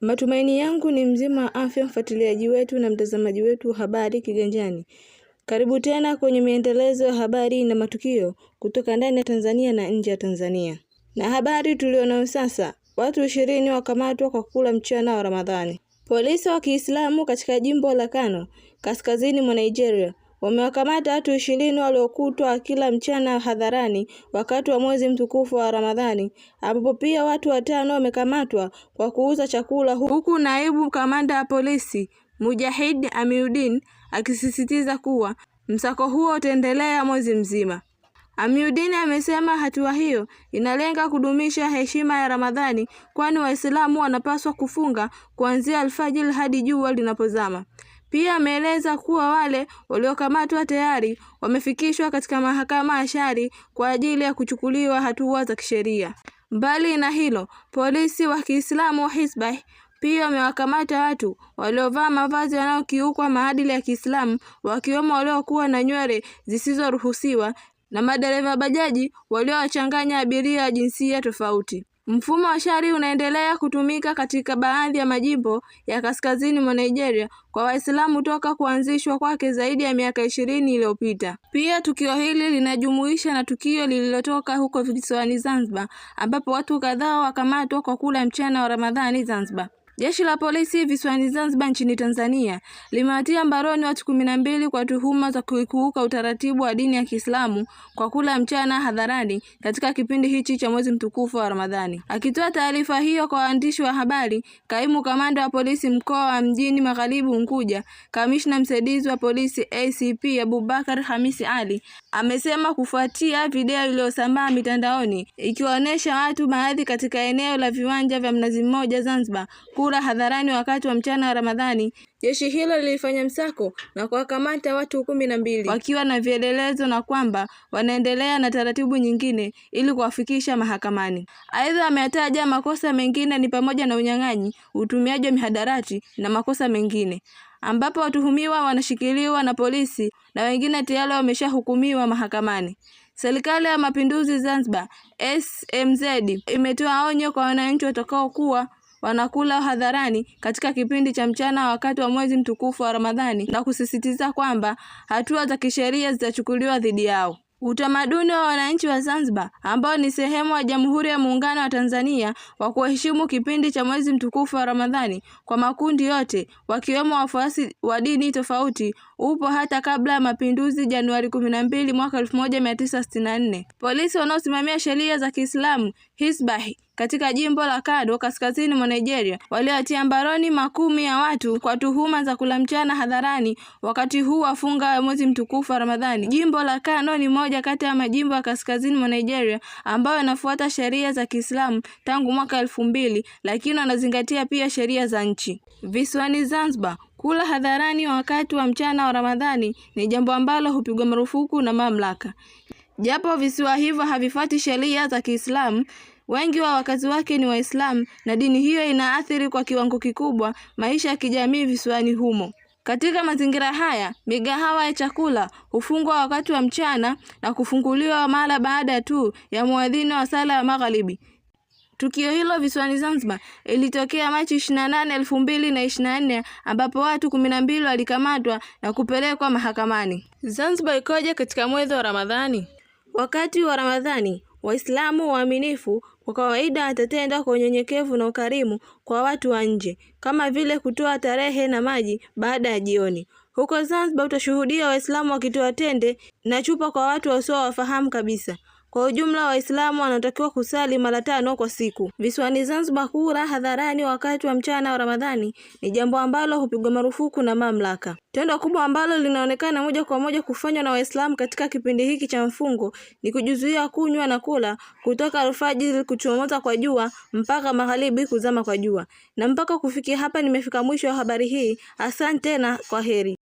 Matumaini yangu ni mzima wa afya, mfuatiliaji wetu na mtazamaji wetu wa Habari Kiganjani. Karibu tena kwenye maendelezo ya habari na matukio kutoka ndani ya Tanzania na nje ya Tanzania. Na habari tulionayo sasa, watu ishirini wakamatwa kwa kula mchana wa Ramadhani. Polisi wa Kiislamu katika jimbo la Kano, kaskazini mwa Nigeria, Wamewakamata watu ishirini waliokutwa kila mchana hadharani wakati wa mwezi mtukufu wa Ramadhani, ambapo pia watu watano wamekamatwa kwa kuuza chakula, huku naibu kamanda wa polisi Mujahid Amiuddin akisisitiza kuwa msako huo utaendelea mwezi mzima. Amiuddin amesema hatua hiyo inalenga kudumisha heshima ya Ramadhani, kwani Waislamu wanapaswa kufunga kuanzia alfajiri hadi jua linapozama. Pia ameeleza kuwa wale waliokamatwa tayari wamefikishwa katika mahakama ya Shari kwa ajili ya kuchukuliwa hatua za kisheria. Mbali na hilo, polisi wa Kiislamu wa Hisbah pia wamewakamata watu waliovaa mavazi yanayokiukwa maadili ya Kiislamu wakiwemo waliokuwa na nywele zisizoruhusiwa na madereva bajaji waliowachanganya abiria wa jinsia tofauti. Mfumo wa shari unaendelea kutumika katika baadhi ya majimbo ya kaskazini mwa Nigeria kwa Waislamu toka kuanzishwa kwake zaidi ya miaka ishirini iliyopita. Pia tukio hili linajumuisha na tukio lililotoka huko visiwani Zanzibar ambapo watu kadhaa wakamatwa kwa kula mchana wa Ramadhani Zanzibar. Jeshi la polisi visiwani Zanzibar nchini Tanzania limewatia mbaroni watu kumi na mbili kwa tuhuma za kukiuka utaratibu wa dini ya Kiislamu kwa kula mchana hadharani katika kipindi hichi cha mwezi mtukufu wa Ramadhani. Akitoa taarifa hiyo kwa waandishi wa habari, kaimu kamanda wa polisi mkoa wa mjini Magharibi Unguja, kamishna msaidizi wa polisi ACP Abubakar Hamisi Ali amesema kufuatia video iliyosambaa mitandaoni ikiwaonyesha watu baadhi katika eneo la viwanja vya Mnazi Mmoja Zanzibar kula hadharani wakati wa mchana wa Ramadhani. Jeshi hilo lilifanya msako na kuwakamata watu kumi na mbili wakiwa na vielelezo na kwamba wanaendelea na taratibu nyingine ili kuwafikisha mahakamani. Aidha, ameyataja makosa mengine ni pamoja na unyang'anyi, utumiaji wa mihadarati na makosa mengine ambapo watuhumiwa wanashikiliwa na polisi na wengine tayari wameshahukumiwa mahakamani. Serikali ya Mapinduzi Zanzibar SMZ imetoa onyo kwa wananchi watakaokuwa wanakula hadharani katika kipindi cha mchana wakati wa mwezi mtukufu wa Ramadhani na kusisitiza kwamba hatua za kisheria zitachukuliwa dhidi yao. Utamaduni wa wananchi wa Zanzibar ambao ni sehemu ya Jamhuri ya Muungano wa Tanzania wa kuheshimu kipindi cha mwezi mtukufu wa Ramadhani kwa makundi yote wakiwemo wafuasi wa dini tofauti upo hata kabla ya mapinduzi Januari 12 mwaka 1964. Polisi wanaosimamia sheria za Kiislamu Hisbah katika jimbo la Kado kaskazini mwa Nigeria waliotia mbaroni makumi ya watu kwa tuhuma za kula mchana hadharani wakati huu wa funga mwezi mtukufu wa Ramadhani. Jimbo la Kano ni moja kati ya majimbo ya kaskazini mwa Nigeria ambayo yanafuata sheria za Kiislamu tangu mwaka elfu mbili, lakini wanazingatia pia sheria za nchi. Visiwani Zanzibar Kula hadharani wakati wa mchana wa Ramadhani ni jambo ambalo hupigwa marufuku na mamlaka. Japo visiwa hivyo havifati sheria za Kiislamu, wengi wa wakazi wake ni Waislamu na dini hiyo inaathiri kwa kiwango kikubwa maisha ya kijamii visiwani humo. Katika mazingira haya, migahawa ya chakula hufungwa wakati wa mchana na kufunguliwa mara baada tu ya muadhini wa sala ya magharibi. Tukio hilo visiwani Zanzibar ilitokea Machi 28, na nane elfu mbili na ambapo watu kumi na mbili walikamatwa na kupelekwa mahakamani. Zanzibar ikoje katika mwezi wa Ramadhani? Wakati wa Ramadhani Waislamu waaminifu kwa kawaida watatenda kwa unyenyekevu na ukarimu kwa watu wa nje, kama vile kutoa tarehe na maji baada ya jioni. Huko Zanzibar utashuhudia Waislamu wakitoa tende na chupa kwa watu wasio wafahamu kabisa. Kwa ujumla Waislamu wanatakiwa kusali mara tano kwa siku. Visiwani Zanzibar kula hadharani wakati wa mchana wa Ramadhani ni jambo ambalo hupigwa marufuku na mamlaka, tendo kubwa ambalo linaonekana moja kwa moja kufanywa na Waislamu katika kipindi hiki cha mfungo ni kujizuia kunywa na kula kutoka alfajiri kuchomoza kwa jua mpaka magharibi kuzama kwa jua. Na mpaka kufikia hapa nimefika mwisho wa habari hii. Asante na kwa heri.